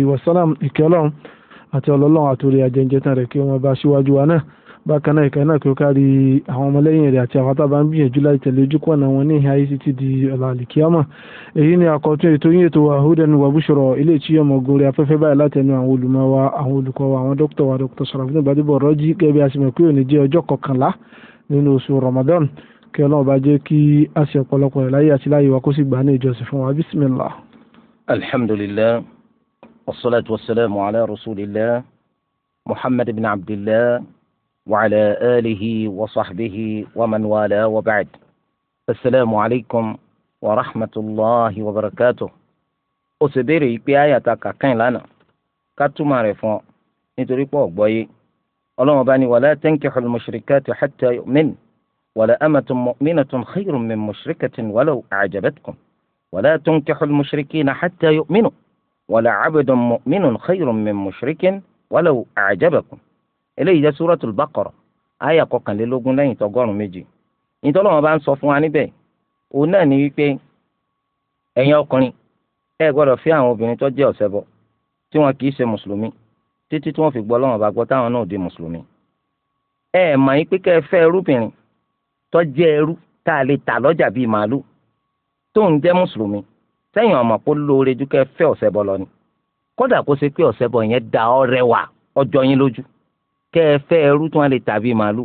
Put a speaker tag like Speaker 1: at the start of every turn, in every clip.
Speaker 1: ìwọ̀sálàm ìkẹ́ ọlọ́run àti ọlọ́lọ́run àtòrí ajẹ́njẹ́ tán rẹ̀ kí wọ́n bá síwájú wa náà bákan náà ìkẹ́ náà kí ó kárí àwọn ọmọlẹ́yìn rẹ̀ àti àwọn tábà ń gbìyànjú láti tẹ̀lé ojú kọ̀ọ̀nà wọn ní ìhà ICT di ọ̀la àlìkíyàmọ̀ èyí ni àkọ́tún ètò yín ètò àhúdẹ ní wàbúṣọ̀rọ̀ ilé ìtúyọ̀ ọmọgun rẹ̀ afẹ́fẹ́ báyìí láti ẹnu àwọn olùmọ̀ wa àwọn olùkọ́ wa àwọn dókítà wa dókítà Sàràfínà Gbadébọ̀ rọ́jí gẹ́gẹ́ bí a sì mọ̀ pé òní jẹ́ ọjọ́ kọkànlá nínú oṣù Ramadan kí Ọlọ́run bá jẹ́ kí a ṣe ọ̀pọ̀lọpọ̀ láyé àti láyé wa kó sì gbà ní ìjọsìn fún wa bísímìlá.
Speaker 2: alhamdulillah والصلاة والسلام على رسول الله محمد بن عبد الله وعلى آله وصحبه ومن والاه وبعد السلام عليكم ورحمة الله وبركاته أسبري بآية كاكين لنا كاتو معرفون نتريك بوي اللهم باني ولا تنكح المشركات حتى يؤمن ولا أمة مؤمنة خير من مشركة ولو أعجبتكم ولا تنكح المشركين حتى يؤمنوا wala abdun mu'minun khayrun min mushrikin walaw a'jabakum eléyìí jẹ́ suratul baqara àyà kọkànlélógún lẹ́yìn tọgọ́rùn méjì ìtọ́lọ́wọ́n bá ń sọ fún wa níbẹ̀ òun náà ni wípé ẹ̀yin ọkùnrin ẹ gbọ́dọ̀ fẹ́ àwọn obìnrin tó jẹ́ ọ̀ṣẹbọ tí wọn kì í ṣe mùsùlùmí títí tí wọ́n fi gbọ́ lọ́wọ́n bá gbọ́ táwọn náà di mùsùlùmí ẹ mọ̀ yín pé kẹ́ ẹ tó jẹ́ ẹrú tá a lè tà lọ́jà bíi màálù tóun jẹ́ mùsùlùmí sẹ́yìn ọmọ kó lóore ju kẹ́ fẹ́ ọ̀sẹ̀bọ lọ ni kódà kó ṣe pé ọ̀sẹ̀bọ yẹn da ọ̀rẹ́ wà ọjọ́ yín lójú kẹ́ ẹ fẹ́ ẹrú tí wọ́n lè tàbí màálù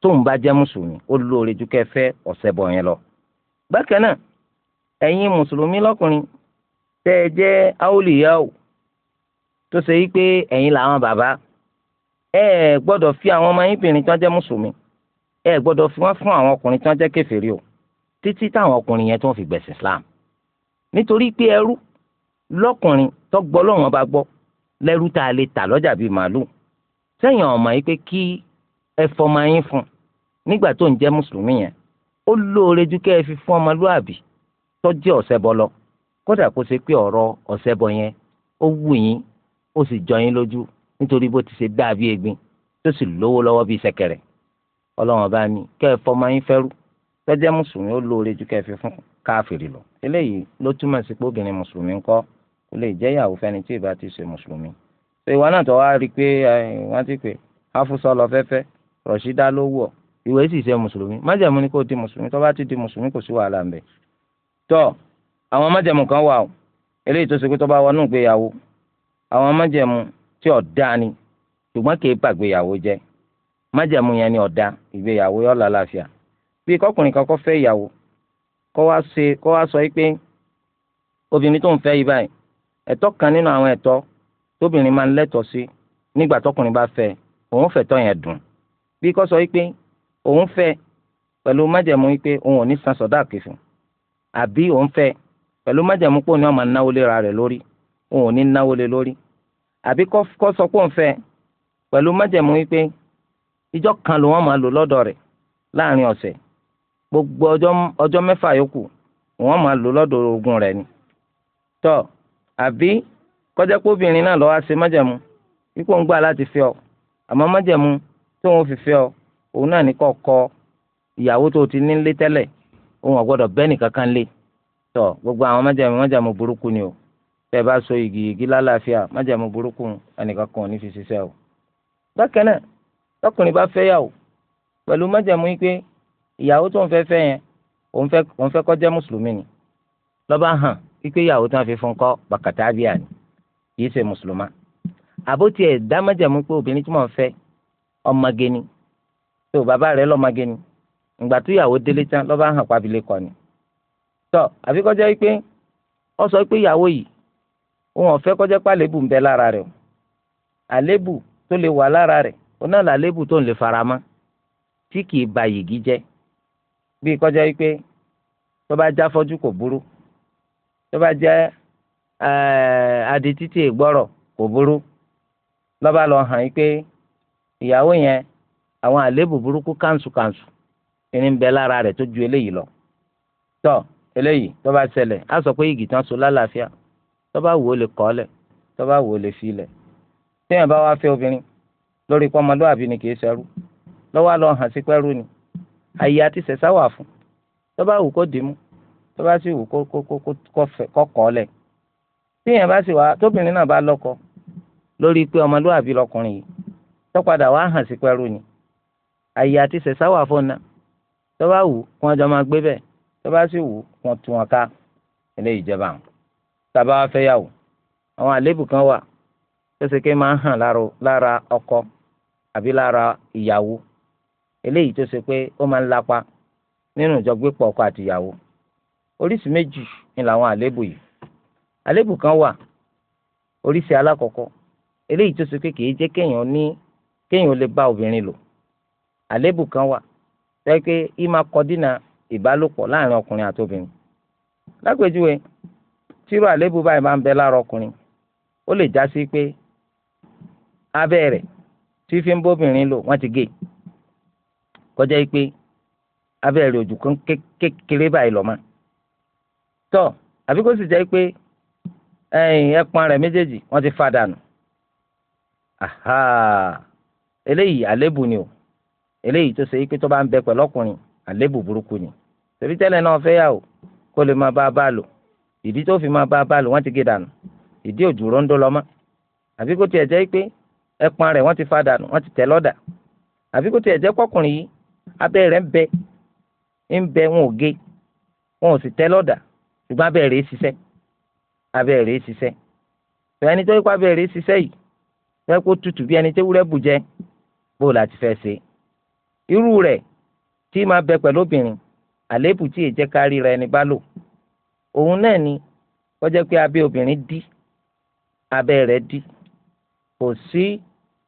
Speaker 2: tóun bá jẹ́ mùsùlùmí ó lóore ju kẹ́ fẹ́ ọ̀sẹ̀bọ yẹn lọ. bákan náà ẹ̀yin mùsùlùmí lọ́kùnrin tẹ́ ẹ jẹ́ áúlìyáwó tó ṣe yí pé ẹ̀yin làwọn bàbá ẹ gbọ́dọ̀ fi àwọn ọmọ yín bìnrin jẹ́ mùsùlùmí ẹ gbọ́dọ̀ fi wọ́n fún àwọn ọkùnrin tí jẹ́ kèfèrí o títí táwọn ọkùnrin yẹn tó ń fi gbẹ̀sìn Islam nítorí pé ẹrú lọ́kùnrin tó gbọ́ lọ́wọ́n ọba gbọ́ lẹ́rú tá a lè tà lọ́jà bíi màálù sẹ́yìn ọ̀mọ̀ yìí pé kí ẹ fọmọ yín fún nígbà tó ń jẹ́ mùsùlùmí yẹn ó lóore ju kẹ́ ẹ fi fún ọmọlúàbí tó jẹ́ ọ̀sẹ̀bọ lọ kódà kó ṣe pé ọ̀rọ̀ ọ̀sẹ̀bọ yẹn ó wù yín ó sì jọ yín lójú nítorí bó ti ṣe dáa egbin tó sì lówó lọ́wọ́ bíi ṣẹ̀kẹ̀rẹ̀ ọlọ́wọ́n bá ní kẹ́ ẹ fọmọ yín fẹ́rú tó mùsùlùmí ó lóore ju kẹ́ ẹ fi fún un káfìrí lọ eléyìí ló túmọ̀ sí pé obìnrin mùsùlùmí ńkọ́ kò lè jẹ́ ìyàwó fẹ́ni tí ìbá ti ṣe mùsùlùmí ṣé ìwà náà tó wá rí i pé wọ́n ti pè áfúsọ lọ fẹ́fẹ́ rọ̀ṣídá ló wọ̀ ìwé sì ṣe mùsùlùmí májẹ̀mú ni kò di mùsùlùmí tó bá ti di mùsùlùmí kò sí wàhálà ńbẹ tó àwọn májẹ̀mú kan wà o eléyìí tó ṣe pé tó bá wọnú ìgbéyàwó àwọn májẹ̀mú tí ọ̀dá ni ṣùgbọ́n kì í bàgbéyàwó jẹ́ májẹ̀mú yẹn ni ọ̀dá ìgbéyàwó yọ̀ lálàáfíà bí kọkùnrin kan kọ́ fẹ́ ìyàwó kọ́ wá ṣe kọ́ wá sọ yìí pé obìnrin tó ń fẹ́ yìí báyìí ẹ̀tọ́ kan nínú àwọn ẹ̀tọ́ tóbìnrin máa ń lẹ́tọ̀ọ́ sí nígbà tọkùnrin bá fẹ́ òun fẹ̀tọ́ yẹn dùn bí kọ́ sọ yìí pé òun fẹ́ pẹ̀lú májẹ̀mú yìí pé òun ò ní san sọ̀dá àkìfù àbí òun fẹ́ pẹ̀lú májẹ̀mú pé òun máa náwó lé ra rẹ̀ lórí òun ò ní náwó lé lórí àbí kọ́ sọ pé òun fẹ́ pẹ̀lú májẹ̀mú yìí pé ìjọ́ kan ló máa lò lọ́dọ̀ rẹ̀ láàrin ọ̀sẹ̀ gbogbo ọjọ́ mẹ́fà yòókù wọ́n máa lò lọ́dọ̀ oògùn rẹ̀ ni. tọ́ àbí kọjá pé obìnrin náà lọ́wọ́ ṣe májẹ̀mú ipò ń gbà láti fẹ́ ọ àmọ́ májẹ̀mú tó ń fi fẹ́ ọ òun náà ní kọ́kọ́ ìyàwó tó ti nílé tẹ́lẹ̀ òun ọ̀gbọ́dọ̀ bẹ́ẹ̀ nìkankan lé tọ́ gbogbo àwọn májẹ̀mú májẹ̀mú burúkú ni o tẹ́ bá so igi igi lálàáfíà májẹ̀mú burúkú ẹnìkankan ní fi ṣiṣẹ́ o. bákan náà tọkùnrin bá fẹ́ yà o pẹ̀lú májẹ̀mú yìí pé ìyàwó tó ń fẹ́ fẹ́ yẹn òun fẹ́ òun fẹ́ kó jẹ́ mùsùlùmí ni lọ́ba hàn wípé ìyàwó tó ń fi fún kọ́ bàkàtà bíà ni kì í ṣe mùsùlùmá àbótí ẹ̀ dámẹ́jẹ̀mú pé obìnrin tí mò ń fẹ́ ọmọge ni tó bàbá rẹ̀ lọ́mọge ni ìgbà tó ìyàwó délé tán lọ́ba hàn pábílẹ̀ kọ́ ni tọ́ àfi kó jẹ́ wípé ó sọ pé ìyàwó yìí òun ọ̀fẹ́ kó jẹ́ pé àlébù ń bẹ lára rẹ̀ o àlébù tó lè wà lára rẹ̀ òun náà tó ń lè faramọ́ tí kì í ba yìgì jẹ́ bí kọjá yìí pé tó bá já fọ́jú kò burú tó bá jẹ́ eh, adití tí ìgbọ́rọ̀ kò burú lọ́ba lọ hàn yìí pé ìyàwó yẹn àwọn àléébù burúkú kánṣu kánṣu ìní ń bẹ lára rẹ̀ tó ju eléyìí lọ tọ́ eléyìí tó bá ṣẹlẹ̀ á sọ pé igi tán so lálàáfíà tó bá wò ó lè kọ́ lẹ̀ tó bá wò ó lè fi lẹ̀ téèyàn bá wá fẹ́ obìnrin lórí pọ́nmọlúwàbí ni kì í ṣẹrú lọ́wọ́ lọ hàn sí pẹ́rú ni àyè àti sẹ̀sá wà fún tó bá wù kó dìímú tó bá sì wù kó kọ́ lẹ̀ tíyẹn bá sì wá tóbìnrin náà bá lọ́kọ lórí pé ọmọlúwàbí lọkùnrin yìí tó padà wá hàn sí pẹ́rú ni àyè àti sẹ̀sá wà fún náà tó bá wù kí wọ́n jọ máa gbé bẹ́ẹ̀ tó bá sì wù kí wọ́n tún wọn ká ilé ìjọba àwọn tàbá wá fẹ́ yàwó àwọn àlébù kan wà tó ṣe ké máa hàn lára ọkọ àbí lára ìyàwó eléyìí tó ṣe pé ó máa ń lapa nínú ìjọgbépọ̀ ọkọ àtìyàwó oríṣi méjì ni làwọn àléébù yìí àléébù kan wà oríṣi alákọ̀ọ́kọ́ eléyìí tó ṣe pé kì í jẹ́ kéèyàn ní kéèyàn lè bá obìnrin lò àléébù kan wà tó yẹ pé í máa kọ dínà ìbálòpọ̀ láàrin ọkùnrin àti obìnrin lápèjúwe tírú àléébù báyìí máa ń bẹ lára ọkùnrin ó lè já sí pé abẹ́ rẹ̀ tí fi ń bóbìnrin lò wọ́n ti gé e kọjá yìí pé abẹ́ rẹ̀ ojú kan kékeré báyìí lọ́mọ tọ́ àbí kó sì jẹ́ pé ẹpọn rẹ̀ méjèèjì wọ́n ti fa dànù aha eléyìí àlébù ni o eléyìí tó ṣe yìí pé tó bá ń bẹ pẹ̀lú ọkùnrin àlébù burúkú ni tẹ̀bí tẹ́lẹ̀ náà fẹ́ yà o kó lè máa bá a bá a lò ìdí tó fi máa bá a bá a lò wọ́n ti gé dànù ìdí òjò rondo lọ́mọ àbí kó tiẹ̀ jẹ́ pé ẹpọn rẹ̀ wọ́n ti fa dànù wọ́n ti tẹ̀ lọ́dà àbí kó tiẹ̀ jẹ́ pọ́kùnrin yìí abẹ́ rẹ̀ ń bẹ ń bẹ wọn ò gé wọn ò sì tẹ́ lọ́dà ṣùgbọ́n abẹ́ rẹ̀ ṣiṣẹ́ abẹ́ rẹ̀ ṣiṣẹ́ bẹ́ẹ̀ ni tó yẹ kó abẹ́ rẹ̀ ṣiṣẹ́ yìí tó yẹ kó tutù bí ẹni tó wúrẹ́ bù jẹ bó o láti fẹ́ ṣe irú rẹ̀ tí máa bẹ pẹ̀lú obìnrin àléébù tí èjẹ́ kárí ra ẹni bá lò òun náà ni wọ́n jẹ́ pé abẹ́ obìnrin dí abẹ́ rẹ̀ dí kò sí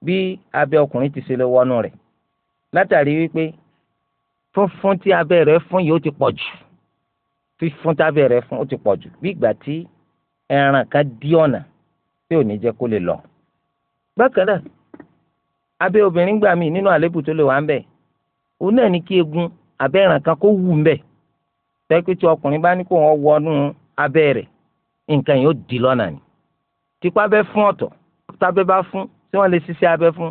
Speaker 2: bí abẹ́ ọkùnrin ti ṣe lè wọnú rẹ̀ látàrí wípé fúnfún tí abẹ́ rẹ̀ fún yìí ó ti pọ̀ jù fífún tí abẹ́ rẹ̀ fún ó ti pọ̀ jù bí ìgbà tí ẹran kan dí ọ̀nà tí ò ní jẹ́ kó lè lọ. bákan náà abẹ́ obìnrin gbà mí nínú àlébù tó lè wà ń bẹ̀ òun náà ní kí egun abẹ́ ẹran kan kó wù ń bẹ̀ tẹ́kí tí ọkùnrin bá ní kó wọ́n wọnú abẹ́ rẹ̀ nǹkan yìí ó dì lọ́nà ni tipa bẹ́ fún ọ̀tọ̀ tábẹ́ bá fún tí wọ́n lè ṣiṣẹ́ abẹ́ fún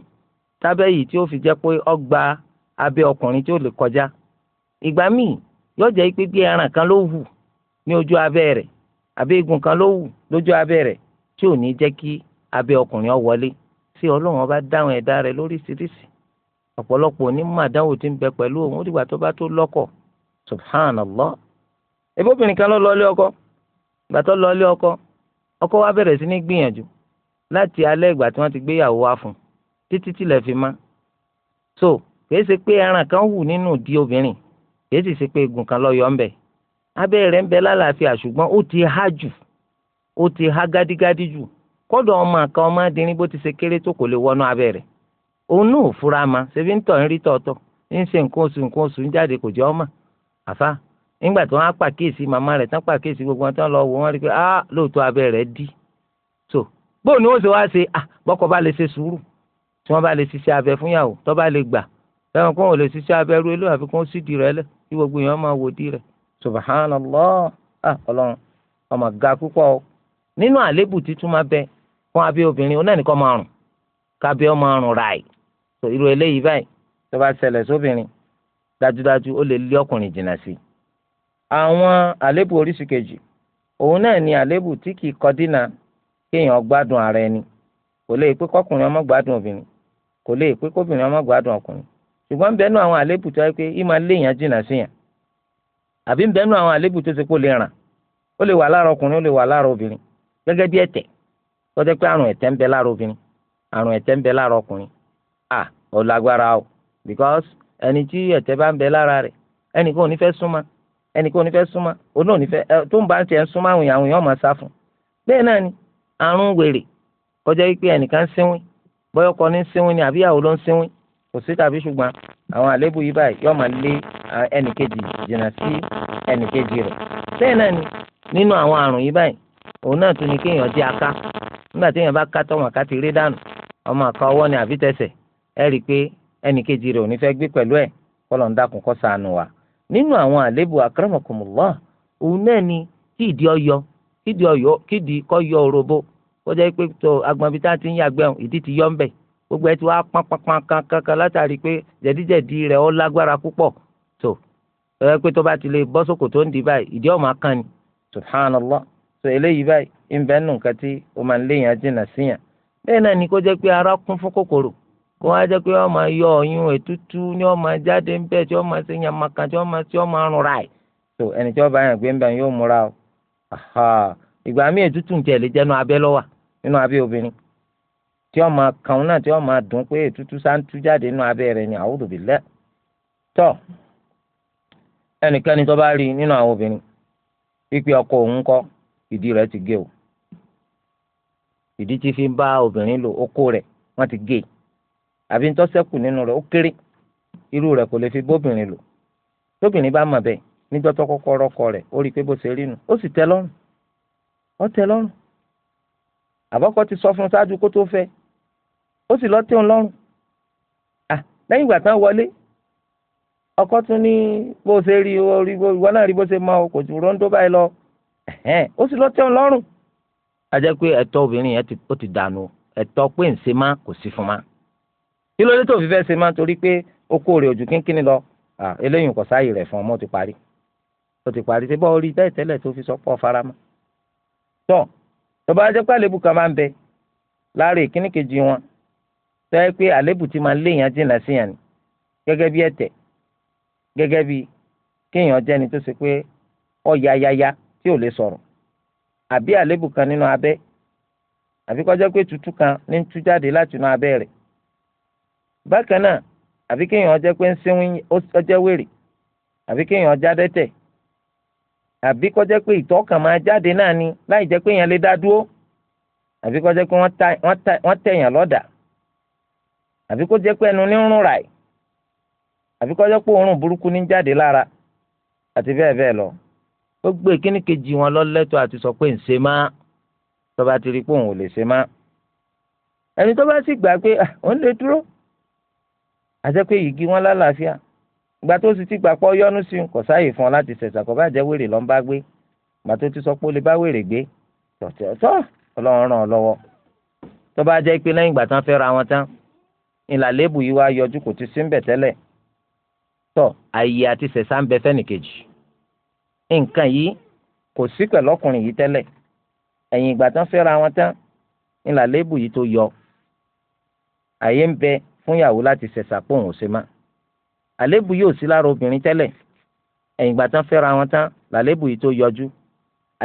Speaker 2: tábẹ́ yìí tí ó fi jẹ́ pé ọgbà abe ọkùnrin tí ó lè kọjá ìgbà míì yóò jẹ́ pé bí ẹran kan ló wù ní ojú abẹ́ rẹ̀ àbí igun kan ló wù lójú abẹ́ rẹ̀ tí ò ní jẹ́ kí abẹ́ ọkùnrin wọlé tí ọlọ́run ọba dáhùn ẹ̀dá rẹ̀ lóríṣiríṣi ọ̀pọ̀lọpọ̀ onímọ̀ àdáwò ti ń bẹ pẹ̀lú òun ó dìgbà tó bá tó lọ́kọ subhanallah kan ló lọlé ọkọ ìgbà tó lọlé ọkọ ọkọ wa bẹ̀rẹ̀ sí ní gbìyànjú láti alẹ́ ìgbà tí wọ́n ti gbéyàwó fún títí tilẹ̀ fi so kìí ṣe pé ẹran kan wù nínú ìdí obìnrin kìí sì ṣe pé egun kan lọ́yọ̀ ń bẹ abẹ́ rẹ̀ ń bẹ lálàáfíà ṣùgbọ́n ó ti há jù ó ti há gádígádí jù kọ́dọ̀ ọmọ àka ọmọ adìrin bó ti ṣe kéré tó kò lè wọnú abẹ́ rẹ̀ òun náà ò fura ma ṣebí ń tọ̀ ń rí tọ̀ọ̀tọ̀ ń ṣe nǹkan oṣù nǹkan oṣù ń jáde kò jẹ́ ọmọ àfa nígbà tí wọ́n á pàkíyèsí màmá rẹ̀ tán pàkíyèsí gbogbo wọn tán lọ wò wọ́n rí pé ah lóòótọ́ abẹ́ rẹ̀ dí so bóun ni ó ṣe wá ṣe ah bọ́kọ bá lè ṣe sùúrù tí wọ́n bá lè ṣiṣẹ́ abẹ fúnyàwó tó bá lè gbà sẹ́wọ̀n kó wọn lè ṣiṣẹ́ abẹ́rú ilé àfi kó sídìí rẹ̀ lẹ̀ kí gbogbo èèyàn máa wò di rẹ̀ ah, ga púpọ̀ o nínú àlébù títún máa bẹ fún abẹ́ obìnrin onáà nìkan máa rùn kábẹ́ be rùn ráì tó irú eléyìí báyìí tó bá ṣẹlẹ̀ sóbìnrin dájúdájú ó lè lé ọkùnrin jìnnà sí i. àwọn àlébù oríṣi kejì òun náà ni àlébù tí kì í kọdínà kéèyàn gbádùn ara ẹni kò lè pé ṣùgbọ́n ń bẹnu àwọn àlébù tó yẹ pé í máa léèyàn jìnnà síyàn àbí ń bẹnu àwọn àlébù tó ṣe kó lè ràn ó lè wà lára ọkùnrin ó lè wà lára obìnrin gẹ́gẹ́ bí ẹ̀tẹ̀ tó pé àrùn ẹ̀tẹ̀ ń bẹ lára obìnrin àrùn ẹ̀tẹ̀ ń bẹ lára ọkùnrin à ó lágbára o because ẹni tí ẹ̀tẹ̀ bá ń bẹ lára rẹ̀ ẹnì kan ò ní fẹ́ súnmọ́ ẹnì kan ò ní fẹ́ súnmọ́ òun náà ò ní fẹ́ tó ń bá tiẹ̀ ń súnmọ́ àwọn èèyàn àwọn máa sá fún bẹ́ẹ̀ náà ni àrùn wèrè kọjá wípé ẹnìkan ń sínwín bọ́yọ̀kọ ní ń sínwín ni àbíyàwó ló ń sínwín kò sí tàbí ṣùgbọ́n àwọn àlébù yìí báyìí yóò máa lé ẹnìkejì jìnnà sí ẹnìkejì rẹ̀ bẹ́ẹ̀ náà ni nínú àwọn àrùn yìí báyìí òun náà tún ni kéèyàn jẹ́ aká nígbà téèyàn bá ká tọ́wọ̀n ká ti rí dànù ọmọ àka ọwọ́ ni àbí tẹsẹ̀ ẹ rí i pé ẹnìkejì rẹ̀ ò ní fẹ́ gbé pẹ̀lú ẹ̀ kọ́lọ̀ ń dákun kó ṣàánú wa nínú àwọn àlébù akramakumullah òun náà ni kí gbogbo ẹ ti wá pánpánpán kankan látàrí pé jẹ̀díjẹ̀dí rẹ̀ ó lágbára púpọ̀ tó ẹ pé tó bá ti lè bọ́ sókò tó ń di báyìí ìdí ọ̀mà kan ni subhanallah tó eléyìí báyìí ń tí máa ń síyàn náà ni kó ara kún fún kòkòrò kó wá pé ọmọ yọ ọyún ètútú ni ọmọ jáde ń tí ọmọ ṣe tí ọmọ tí ọmọ tó ẹni tí ọba yàn gbé tí wọ́n máa kàn náà tí wọ́n máa dùn pé ètútú sáńtú jáde nínú abẹ́ rẹ̀ ni àwùjọ bí lẹ́ tọ́ ẹnikẹ́ni tó bá rí nínú àwọn obìnrin pípé ọkọ òun kọ́ ìdí rẹ̀ ti gé o ìdí tí fi bá obìnrin lò okó rẹ̀ wọ́n ti gé àbí ń tọ́sẹ́kù nínú rẹ̀ ó kéré irú rẹ̀ kò lè fi bóbìnrin lò tóbìnrin bá mọ̀ bẹ́ẹ̀ níjọ́ tó kọ́kọ́ rọ́kọ rẹ̀ ó rí i pé bó ṣe rí nu ó sì tẹ́ lọ́rùn ó tẹ́ lọ́rùn àbọ̀kọ́ ti sọ fún un ṣáájú kó tó fẹ́ ó sì lọ́ọ́ tí òun lọ́rùn lẹ́yìn ìgbà tán wọlé ọkọ tún ní bó ṣe rí orí ìwọ náà rí bó ṣe mọ kò jù rọ́ńdó báyìí lọ ó sì lọ́ọ́ tí òun lọ́rùn. a jẹ́ pé ẹ̀tọ́ obìnrin yẹn ó ti dànù ẹ̀tọ́ pé ń ṣe má kò sí fún ma kí ló dé tó fi fẹ́ ṣe má torí pé ó kó rè ojú kínkínní lọ eléyìí kò sáàyè rẹ̀ fún ọmọ ti parí ó ti parí ṣe bọ́ orí bẹ́ẹ̀ tẹ́lẹ̀ tó fi sọ pọ̀ farama tọ́ tọ́ba ajẹ́pẹ́ àlébù kan máa ń bẹ láàrin ìkíníkejì wọn tọ́yẹ pé àlébù ti máa léèyàn jìnnà síyàn ni gẹ́gẹ́ bí ẹ̀tẹ̀ gẹ́gẹ́ bí kéèyàn jẹ́ni tó ṣe pé ó yáyáyá tí ò lè sọ̀rọ̀ àbí àlébù kan nínú abẹ́ àbí kọjá pé kan ní tú jáde láti inú abẹ́ rẹ̀ bákan náà àbí kéèyàn jẹ́ pé ń wèrè àbí kéèyàn àbí kọjá àfi kó jẹ́ pé ẹnu ní rún ràì àfi kó jẹ́ pé òórùn burúkú ní jáde lára àti bẹ́ẹ̀ bẹ́ẹ̀ lọ gbogbo ìkíni kejì wọn lọ́lẹ́tọ̀ àti sọ pé ń ṣe má tó bá ti rí pé òun ò lè ṣe má ẹni tó bá sì gbà pé ah, òun lè dúró àti pé yìgì wọn lálàáfíà ìgbà tó sì ti gbà pọ̀ yọnu sí kò sáàyè fún ọ láti ṣẹ̀ṣà kò bá jẹ́ wèrè lọ́n bá gbé ìgbà tó ti sọ pé ó lè bá wèrè gbé tọ̀tọ̀ ọlọ́run ràn ọ lọ́wọ́ tó bá jẹ́ pé lẹ́yìn ìgbà tán fẹ́ ra wọn tán ìlàlébù yìí wá yọjú kò ti sí ń bẹ̀ tẹ́lẹ̀ tọ́ àyè àti sẹ̀sà ń bẹ fẹ́nìkejì nǹkan yìí kò sí pẹ̀lú ọkùnrin yìí tẹ́lẹ̀ ẹ̀yìn ìgbà tán fẹ́ra wọn tán ìlàlébù yìí tó yọ àyè ń bẹ fún ìyàwó láti sẹ̀sà pòun ò ṣe má àlébù yóò sí lára obìnrin tẹ́lẹ̀ ẹ̀yìn ìgbà tán fẹ́ra wọn tán làlébù yìí tó yọjú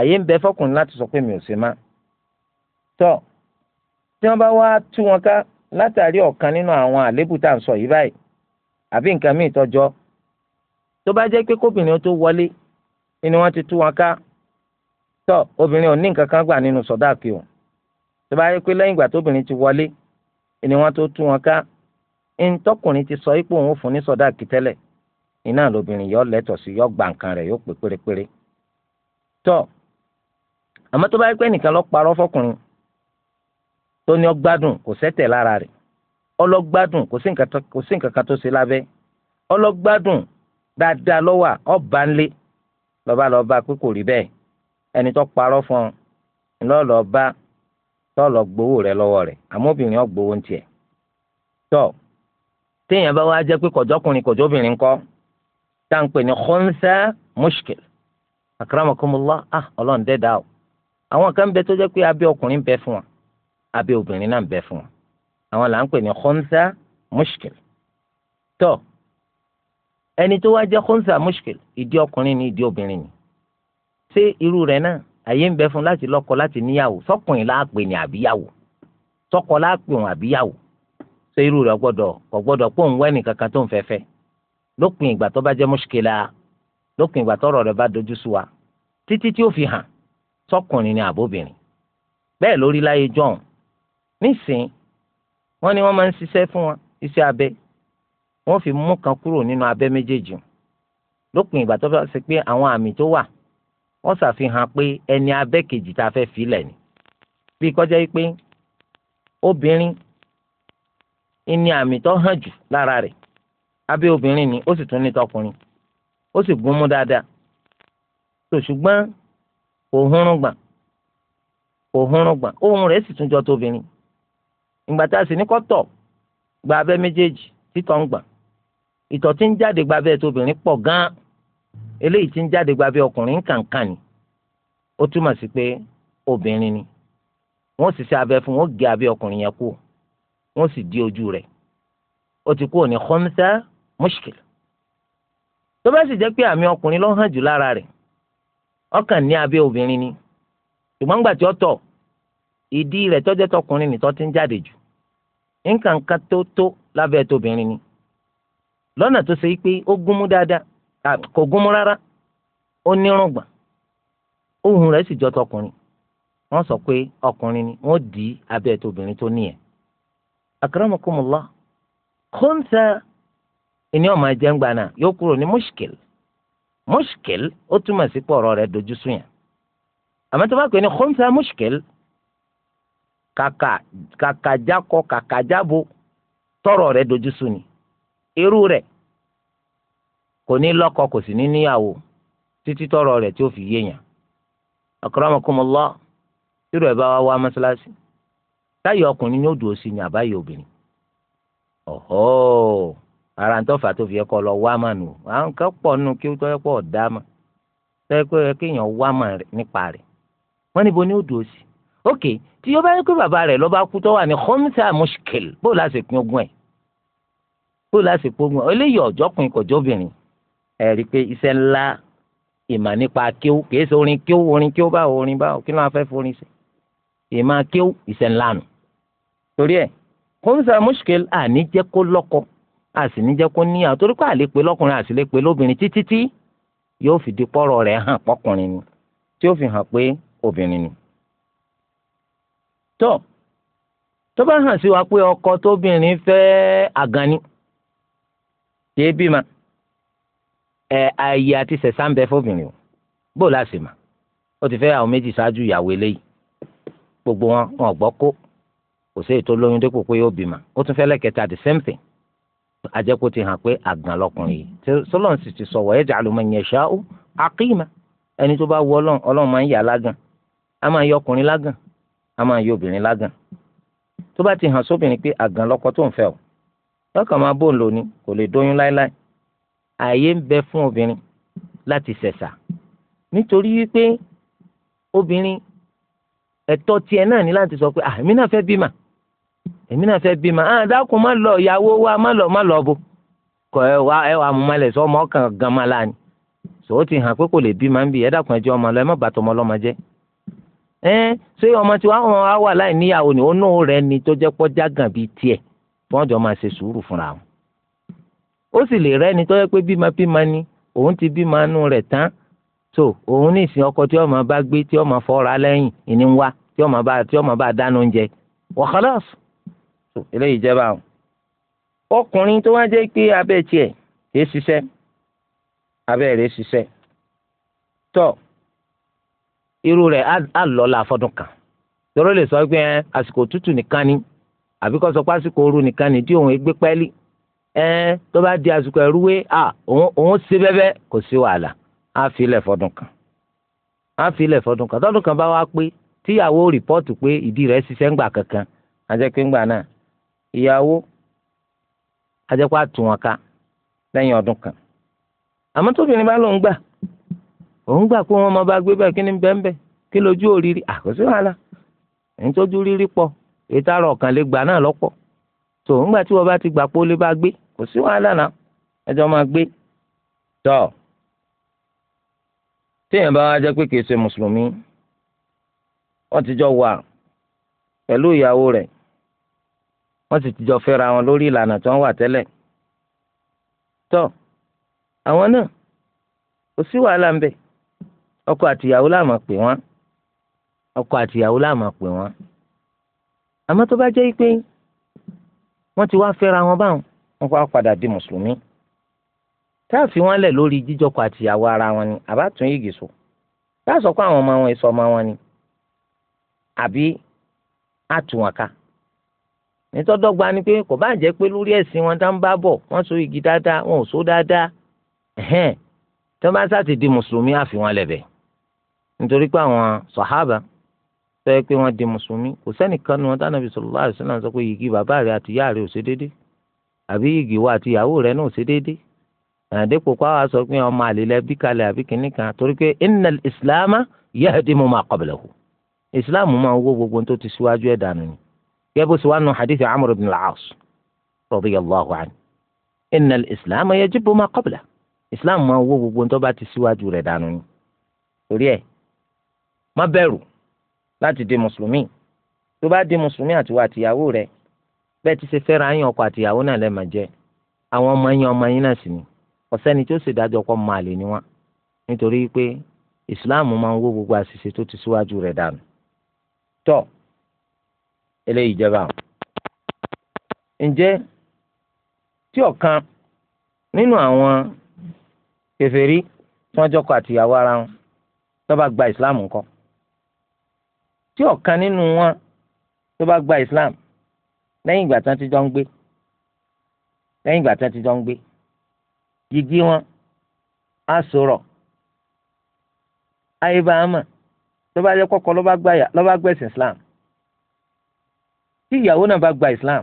Speaker 2: àyè ń bẹ fọkùnrin láti sọ pé mi ò ṣe má tọ́ tí wọ́n bá wá tú wọn ká látàrí ọ̀kan nínú àwọn àlébù tá à ń sọ yìí báyìí àbí nǹkan míì tọjọ́ tó bá jẹ́ pé kóbìnrin tó wọlé ni wọ́n ti tú wọn ká tọ́ obìnrin ò ní nǹkan kan gbà nínú sọ̀dáàkì o tó bá yẹ pé lẹ́yìn ìgbà tóbìnrin ti wọlé ni wọ́n tó tú wọn ká ntọ́kùnrin ti sọ ipò òun fún ní sọ̀dáàkì tẹ́lẹ̀ iná lobìnrin yọ lẹ́tọ̀ sí yọ gbà nǹkan rẹ̀ yóò pé pérépéré tọ́ àmọ́ tó bá yẹ pé nìkan lọ parọ́ fọkùnrin tó ní ọgbádùn kò sẹ́tẹ̀ lára rẹ̀ ọlọ́gbádùn kò sí nǹkan kan tó ṣe lábẹ́ ọlọ́gbádùn dáadáa lọ́wà ọba ńlé lọ́ba lọ́ba pé kò rí bẹ́ẹ̀ ẹni tó parọ́ fún ọ ńlọ́ lọ́ọ́ bá tọ́ọ̀lọ́ gbowó rẹ lọ́wọ́ rẹ̀ àmọ́ obìnrin ọ̀gbowó ń tiẹ̀ tọ́ téèyàn bá wá jẹ́ pé kọ̀jọ́kùnrin kọ̀jọ́bìnrin kọ́ tá ń pè ní khonsa mushkil akramakumullah ah ọlọ́run dẹ́dá o àwọn kan bẹ tó jẹ́ pé abẹ́ ọkùnrin bẹ fún wa abẹ́ obìnrin náà ń bẹ fún un àwọn là ń pè ní khonsa mushkil tó ẹni tó wá jẹ́ khonsa mushkil ìdí ọkùnrin ni ìdí obìnrin ni ṣé irú rẹ̀ náà àyè ń bẹ fún un láti lọ́kọ láti níyàwó sọ́kùnrin láàpè ní àbíyàwó sọ́kọ láàpè òun àbíyàwó ṣé irú rẹ̀ ọgbọ́dọ̀ ọgbọ́dọ̀ pé òun wẹ́nì kankan tó ń fẹ́ fẹ́ lópin ìgbà tó bá jẹ́ mushkila lópin ìgbà tọ́rọ̀ rẹ̀ bá dojú sú wa títí tí ó fi hàn sọ́kùnrin ni àbóbìnrin bẹ́ẹ̀ lórí láyé john nísìnyí wọ́n ni wọ́n máa ń ṣiṣẹ́ fún wa iṣẹ́ abẹ wọ́n fi mú kan kúrò nínú abẹ méjèèjì lópin ìgbà tó bá ṣe pé àwọn àmì tó wà wọ́n ṣàfihàn pé ẹni abẹ kejì tá a fẹ́ filẹ̀ ni bí kọjá yìí pé obìnrin ní àmì tó hàn jù lára rẹ̀ abẹ obìnrin ni ó sì tún ní tọkùnrin ó sì gún mú dáadáa tó ṣùgbọ́n kò gbà kò gbà ohun rẹ̀ sì tún jọ tóbìnrin ìgbà tá a sì ní kó tọ̀ gba abẹ́ méjèèjì títọ̀ ń gbà ìtọ̀ tí ń jáde gba abẹ́ tóbìnrin pọ̀ gan-an eléyìí tí ń jáde gba abẹ́ ọkùnrin kàǹkàn ni ó túmọ̀ sí pé obìnrin ni wọ́n sì ṣe abẹ́ fún wọn gé abẹ́ ọkùnrin yẹn kú wọ́n sì di ojú rẹ̀ ó ti kú òní khamsa mushkil tó bá sì jẹ́ pé àmì ọkùnrin ló hàn jù lára rẹ̀ ọkàn ní abẹ́ obìnrin ni ṣùgbọ́n gbà tí ó tọ̀ ìdí rẹ̀ tọ́jẹ́ tọkùnrin nìtọ́ ti ń jáde jù nǹkan kan tó tó lábẹ́ tóbìnrin ni lọ́nà tó ṣe pé ó gúnmú dáadáa kò gúnmú rárá ó nírùngbọ̀n ohùn rẹ̀ sì jọ tọkùnrin wọ́n sọ pé ọkùnrin ni wọ́n dì í abẹ́ tóbìnrin tó níyẹn. akramakumullah kóńtà ìní ọmọ ẹ̀jẹ̀ ń gbà náà yóò kúrò ní mushkil mushkil ó túmọ̀ sí pọ̀rọ̀ rẹ̀ dojú sùn yẹn àmọ́ tó bá pè ní kóńtà mushkil kàkà kàkàjá kọ bo tọrọ rẹ̀ dojú ni irú rẹ̀ kò ní lọ́kọ kò sì ní níyàwó títí tọrọ rẹ̀ tí ó fi yéèyàn akramakumullah tírò ẹ bá wá wá mọ́ṣáláṣí táyà ọkùnrin ní sí ni àbáyé obìnrin ara ntọ́fà tó fi yẹ lọ wá mà nù pọ̀ nù kí pọ̀ dá mà wá mà nípa rẹ̀ wọ́n níbo ní ok tí yóò bá yẹ pé bàbá rẹ̀ lọ́ba kú tó wà ní khamsa mushkil bó la ṣe pín ogún ẹ̀ bó la ṣe pín ogún ẹ̀ eléyìí ọ̀jọ́kùnrin kọjọ́bìnrin ẹ̀ rí i pé iṣẹ́ ńlá ìmọ̀ nípa kéwú kìí ṣe orin kéwú orin kéwú báwo orin báwo kí ló máa fẹ́ forin ṣe ìmọ̀ kéwú iṣẹ́ ńlá nù torí ẹ̀ khamsa mushkil àní jẹ́ kó lọ́kọ a sì ní jẹ́ kó níyàwó torí pé àlè pé lọ́kùnrin àti lè pé lóbìnrin títí tí yóò fìdí pọ́rọ̀ rẹ̀ hàn pọ́kùnrin ni tí yóò fi hàn pé obìnrin ni. tó tó bá hàn sí wa pé ọkọ tóbìnrin fẹ́ àgànni yéé bímọ ẹ ààyè àti sẹ̀sán bẹ fóbìnrin o bó la sì mà ó ti fẹ́ àwọn méjì ṣáájú ìyàwó eléyìí gbogbo wọn wọn kó kò sí ètò lóyún dípò pé yóò bímọ ó tún the same thing ti hàn pé àgàn lọkùnrin yìí sọlọ́n sì ti a máa yọ obìnrin lágàn tó bá ti hàn sóbìnrin pé àgàn lọ́kọ tó ń fẹ́ o lọ́kàn máa bò ń lò ní kò lè dóyún láéláé ààyè ń bẹ fún obìnrin láti ṣẹ̀ṣà nítorí wípé obìnrin ẹ̀tọ́ tiẹ̀ náà ní láti sọ pé àmì náà fẹ́ bímọ èmi náà fẹ́ bímọ ah dákun má lọ ìyàwó wa má lọ má lọ bo kọ ẹ wá ẹ wà mọlẹ sọ ọmọ ọkàn gan máa la ni sọ ó ti hàn pé kò lè bímọ ń bì ẹ dákun ẹ jẹ ọmọ lọ ẹ má bàtọ ọmọ ọlọmọ jẹ ẹ ṣé ọmọ tí wàá wọn wá láì níyàwó ni òun náà rẹ ni tó jẹ́ pọ́jà gàn bíi tiẹ̀ wọ́n jọ máa ṣe sùúrù fúnra wọn. ó sì lè rẹ́ni tó yẹ pé bímọ bímọ ni òun ti bímọ inú rẹ̀ tán so òun ní ìsìn ọkọ tí ọmọ bá gbé tí ọmọ fọ́ra lẹ́yìn ìní wá tí ọmọ bá tí ọmọ bá dáná oúnjẹ wa so eléyìí jẹ́ báwọn. ọkùnrin tó wá jẹ́ pé abẹ́ tiẹ̀ kìí ṣiṣẹ́ abẹ́ rẹ̀ ṣiṣẹ́ tọ́ irú rẹ á la fọdún kan tọ́rọ lè sọ pé àsìkò tútù nìkan ni àbí kó sọ pé àsìkò ooru nìkan ni tí òun gbé pẹ́ẹ́lí tó bá di àsìkò ẹ̀rúwé òun ṣe bẹ́bẹ́ kò sí wàhálà á fi ilẹ̀ fọdún kan á fi ilẹ̀ fọdún kan wa kan bá wá pé tíyàwó rìpọ́ọ̀tù pé ìdí kankan ajẹ́pẹ́ngbà náà ìyàwó ká lẹ́yìn ọdún kan bá lóun òun gbà pé wọn máa bá gbé bẹ́ẹ̀ kí ni bẹ́ẹ̀ kí lójú òrìrì àkọsí wàhálà ẹni tójú rírí pọ̀ ètò àrò ọ̀kan lè gbà náà lọ́pọ̀ tó òun gbà tí wọ́n bá ti gbà pé ó lè bá gbé kò sí wàhálà náà ẹjọ́ máa gbé tọ́ téèyàn bá wá jẹ́ pé kìí ṣe mùsùlùmí wọ́n ti jọ wà pẹ̀lú ìyàwó rẹ̀ wọ́n sì ti jọ fẹ́ra wọn lórí ìlànà tó ń wà tẹ́lẹ̀ tọ́ àwọn náà kò sí wàhálà ń ọkọ àtìyàwó la máa pè wọ́n ọkọ àtìyàwó la máa pè wọ́n àmọ́ tó bá jẹ́ pé wọ́n ti wá fẹ́ra wọn báwọn wọ́n kọ́ padà di mùsùlùmí tá a fi wọ́n lẹ̀ lórí jíjọkọ àtìyàwó ara wọn ni àbá tún yìgì so tá a sọ pé àwọn ọmọ wọn èso ọmọ wọn ni àbí a wọn ká nítọ́dọ́gba ni pé kò bá jẹ́ pé lórí ẹ̀sìn wọn tá ń bá bọ̀ wọ́n so igi dáadáa wọn ò so dáadáa ẹ̀hẹ́n tó bá sá ti di mùsùlùmí àfi lẹ̀ bẹ́ẹ̀ nítorí pé àwọn sàhábà tó yẹ pé wọ́n di mùsùlùmí kò sẹ́nìkan nu wọn tá nàbì sallallahu alaihi wasallam sọ pé yìgì bàbá rẹ̀ àti ìyá rẹ̀ ò ṣe déédé àbí yìgì wa àti ìyàwó rẹ̀ náà ò ṣe déédé àdépò kó àwọn sọ pé ọmọ àlèlẹ bí kalẹ̀ àbí kìnnì kan torí pé innal islama yahdimu ma qablahu islam máa wó gbogbo tó ti síwájú ẹ̀ dànù ni gẹ́gẹ́ bó ṣe wá nu hadith amr ibn al-aas radiyallahu anhu innal islama yajibu ma qablahu islam máa wó gbogbo tó bá ti síwájú rẹ̀ dànù ni torí ẹ̀ má bẹ̀rù láti di mùsùlùmí tó bá di mùsùlùmí àtiwọ́ àtìyàwó rẹ bẹ́ẹ̀ ti ṣe fẹ́ra yín ọkọ àtìyàwó náà lẹ́ẹ̀ máa jẹ àwọn ọmọ yín ọmọ yín náà sì ni ọ̀sẹ́ni tí ó sì dájọ́ pọ̀ máa lè ní wọn nítorí pé ìsìláàmù máa ń wó gbogbo àṣìṣe tó ti síwájú rẹ̀ dànù tọ́ eléyìí jẹba ǹjẹ́ tí ọ̀kan nínú àwọn kèfèrí tí wọ́n jọ́kọ̀ àtìyàwó ara wọn tó bá gba ìsìláàmù ńkọ́ tí ọ̀kan nínú wọn tó bá gba islam lẹ́yìn ìgbà tí wọ́n ti jọ ń gbé lẹ́yìn ìgbà tí wọ́n ti jọ ń gbé yìgì wọn á sọ̀rọ̀ ayé bá a mọ̀ tó bá yẹ kọ́kọ́ ló bá gbẹ̀sìn islam tí ìyàwó náà bá gba islam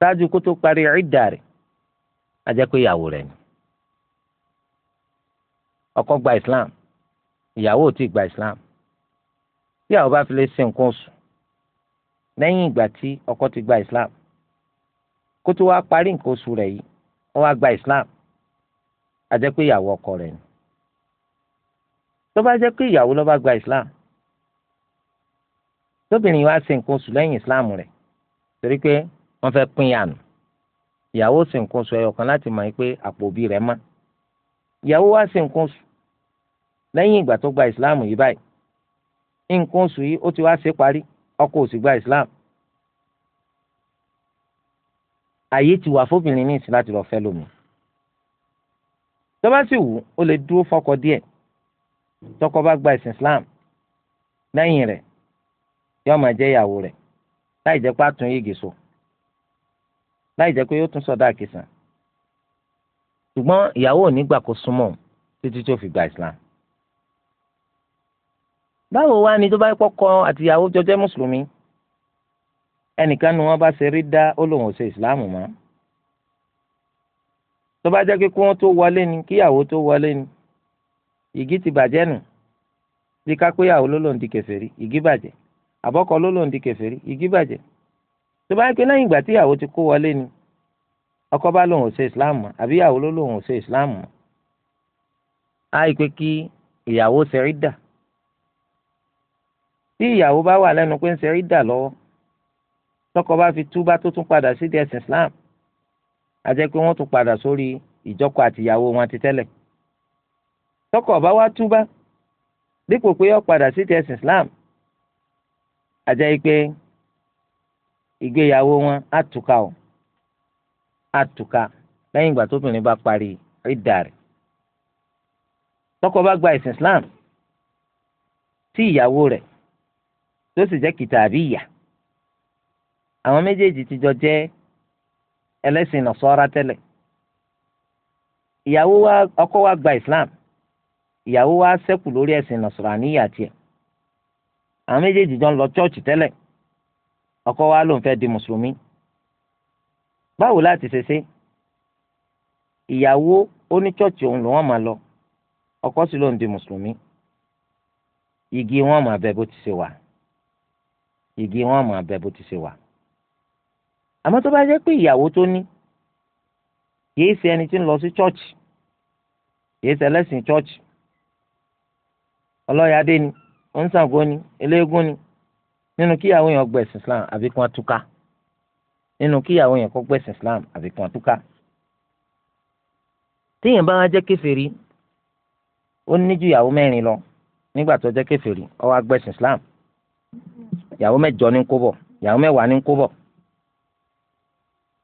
Speaker 2: ṣáájú kó tó parí ìdá rẹ̀ á pé ìyàwó rẹ̀ ni ọkọ gba islam ìyàwó ò tí gba islam bí àwọn bá fi lè ṣe nǹkan oṣù lẹ́yìn ìgbà tí ọkọ ti gba islam kó tó wáá parí nǹkan oṣù rẹ̀ yìí wọ́n wá gba islam a jẹ́ pé ìyàwó ọkọ rẹ̀ ni tó bá jẹ́ pé ìyàwó ló gba islam tóbìnrin wá ṣe nǹkan oṣù lẹ́yìn islam rẹ̀ torí pé wọ́n fẹ́ pín yànnù ìyàwó ṣe nǹkan oṣù ẹyọkan láti mọ̀ pé àpò òbí rẹ̀ mọ́ ìyàwó wá ṣe nǹkan oṣù lẹ́yìn ìgbà tó gba islam yìí báyìí nǹkan oṣù yìí ó ti wá ṣe parí ọkọ òsì gba islam àyè ti wà fóbìnrin ní ìsìn láti lọ fẹ́ lómi tó bá sì wù ó lè dúró fọkọ díẹ̀ tọkọ bá gba ìsìn islam lẹ́yìn rẹ̀ yóò máa jẹ́ ìyàwó rẹ̀ láì jẹ́ pé a tún yégi so láì jẹ́ pé yóò tún sọ̀dá àkìsàn ṣùgbọ́n ìyàwó ò ní gbà kó súnmọ́ títí tó fi gba islam báwo wá ni tó bá kọkọ àtìyàwó jọjẹ mùsùlùmí ẹnìkan ni wọn bá ṣe rí dá ó lòun ò ṣe ìsìláàmù mọ́ tó bá jẹ́ pé kí wọ́n tó wọlé ni kíyàwó tó wọlé ni ìgì ti bàjẹ́ nù bí kápéyàwó ló lòun di kèfèrí ìgì bàjẹ́ àbọ́kọ ló lòun di kèfèrí ìgì bàjẹ́ tó bá jẹ́ lẹ́yìn ìgbà tíyàwó ti kó wọlé ni ọkọ bá lòun ò ṣe ìsìláàmù mọ́ àbíyàwó ló lòun ò ṣe ìsìláàmù mọ́ tí ìyàwó bá wà lẹ́nu pé ń ṣe ìdà lọ́wọ́ tọkọ bá fi túbá tó tún padà sí di ẹ̀sìn Islam a jẹ́ pé wọ́n tún padà sórí ìjọkọ àtìyàwó wọn ti tẹ́lẹ̀ tọkọ bá wá túbá dípò pé yọ padà sí ti ẹ̀sìn Islam a jẹ́ pé ìgbéyàwó wọn á túká o á túká lẹ́yìn ìgbà tóbìnrin bá parí ìdà rẹ̀ tọkọ bá gba ẹ̀sìn Islam tí ìyàwó rẹ̀ tó sì jẹ́ kìtàbíyà àwọn méjèèjì ti jọ jẹ́ ẹlẹ́sìn nàṣọ́ra tẹ́lẹ̀ ìyàwó wa ọkọ wa gba islam ìyàwó wa ṣẹ́kù lórí ẹ̀sìn nàṣọ́ràníyà tiẹ̀ àwọn méjèèjì jọ ń lọ chọ́ọ̀chì tẹ́lẹ̀ ọkọ wa ló ń fẹ́ di mùsùlùmí báwo láti ṣe ṣe ìyàwó oní òun ló wọ́n máa lọ ọkọ sì ló ń di mùsùlùmí igi wọn máa bẹ bó ti ṣe wà igi wọn mọ abẹ bó ti ṣe wà àmọ́ tó bá jẹ́ pé ìyàwó tó ní yéé ṣe ẹni tí ń lọ sí chọ́ọ̀chì yéé ṣe ẹlẹ́sìn chọ́ọ̀chì ọlọ́yàdé ni ó ń ṣàngó ni eléégún ni nínú kíyàwó yẹn gbẹ̀sìn Islam àbí kan túká nínú kíyàwó yẹn kọ́ gbẹ̀sìn Islam àbí kan túká téèyàn bá wá jẹ́ kèfèrí ó ní ju ìyàwó mẹ́rin lọ nígbà tó jẹ́ kèfèrí ó wá gbẹ̀sìn Islam ìyàwó mẹ́jọ ní kó bọ̀ ìyàwó mẹ́wàá ní kó bọ̀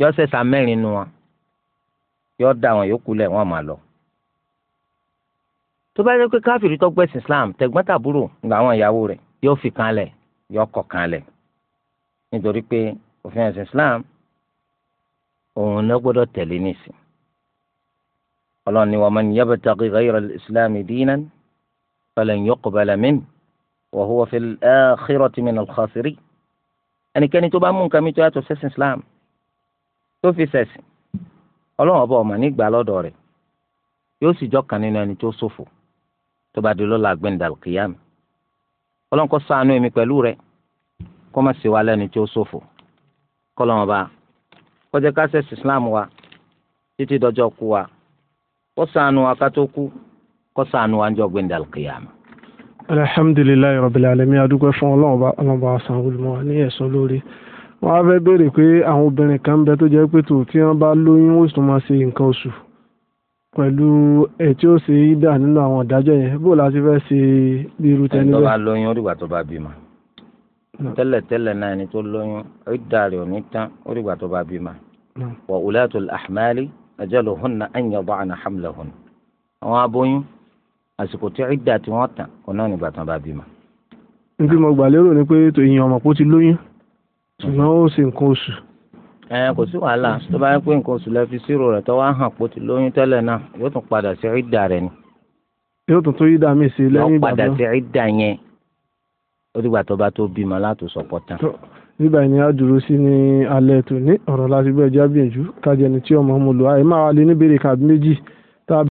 Speaker 2: yọ sẹ̀sà mẹ́rin nu wọn yọ da àwọn yòókù lẹ̀ wọ́n máa lọ. tó bá yẹ pé káfíìrì tó gbẹ̀sìn Islam tẹ̀gbọ́n-tàbúrò làwọn ìyàwó rẹ̀ yóò fi kan lẹ̀ yóò kọ̀ kan lẹ̀ nítorí pé òfin ẹ̀sìn Islam òun náà gbọ́dọ̀ tẹ̀lé nìsín. ọlọ́run ni wa man yabtaghi ghayra al-islami dinan wa huwa fil akhirati minal khasirin ẹnikẹ́ni tó bá mú nǹkan mi tó yàtọ̀ sẹ́sìn islam tó fi sẹ̀sìn ọlọ́run ọba ọ̀mà nígbà lọ́dọ̀ rẹ̀ yóò sì jọ́kan nínú ẹni tó ṣòfò tó bá di lọ́la gbẹ̀ndàl kìyàmù ọlọ́run kó ṣàánú èmi pẹ̀lú rẹ̀ kó má ṣe wá lẹ́ni tó ṣòfò kọ́lọ́run ọba kó ká sẹ̀sìn islam wa títí dọjọ́ kú wa kó ṣàánú wa ká tó kú kó ṣàánú wa ń jọ gbẹ̀ndàl kìyàmù
Speaker 1: alhamdulilayi rabbil alamin adúgbò fún ọlọ́run bá ọlọ́run bá san olùmọ̀ ní ẹ̀sán lórí wọn á fẹ́ béèrè pé àwọn obìnrin kan bẹ tó jẹ́ pé tó tí wọ́n bá lóyún ó sì tún máa ṣe nǹkan oṣù pẹ̀lú ẹ̀ tí ó ṣe ìdá nínú àwọn ìdájọ́ yẹn bó la ti fẹ́ ṣe bí irú tẹ́ni bẹ́ẹ̀. ẹni tó bá
Speaker 2: lóyún ó dìgbà tó bá bímọ tẹ́lẹ̀tẹ́lẹ̀ náà ẹni tó lóyún ìdá rẹ̀ ò ní tán ó dìgbà tó bá bímọ. wa ulatul ahmali ajaluhunna an yada'na hamlahunna àwọn aboyún àsìkò tí ìdá tí wọ́n tàn òun náà nígbà tí wọ́n bá bímọ.
Speaker 1: n tí mo gbà lérò ni pé ètò ìyẹn ọmọ kó ti lóyún ṣùgbọ́n ó ṣe nǹkan oṣù.
Speaker 2: ẹ kò sí wàhálà tó bá yẹ pé nǹkan oṣù lẹ fi sírò rẹ tó wá hàn pé ó ti lóyún tẹ́lẹ̀ náà yóò tún padà sí ìdá rẹ ni.
Speaker 1: yóò tún tó ìdá mi sí lẹ́yìn ìgbà náà. yóò padà sí
Speaker 2: ìdá yẹn ó dìgbà tó bá tó bímọ láti sọpọ̀ tán
Speaker 1: nígbà ni a dúró sí ní alẹ́ tòní ọ̀rọ̀ láti gbẹ́jọ́ àbíyànjú kájẹni tí ọmọ mo lò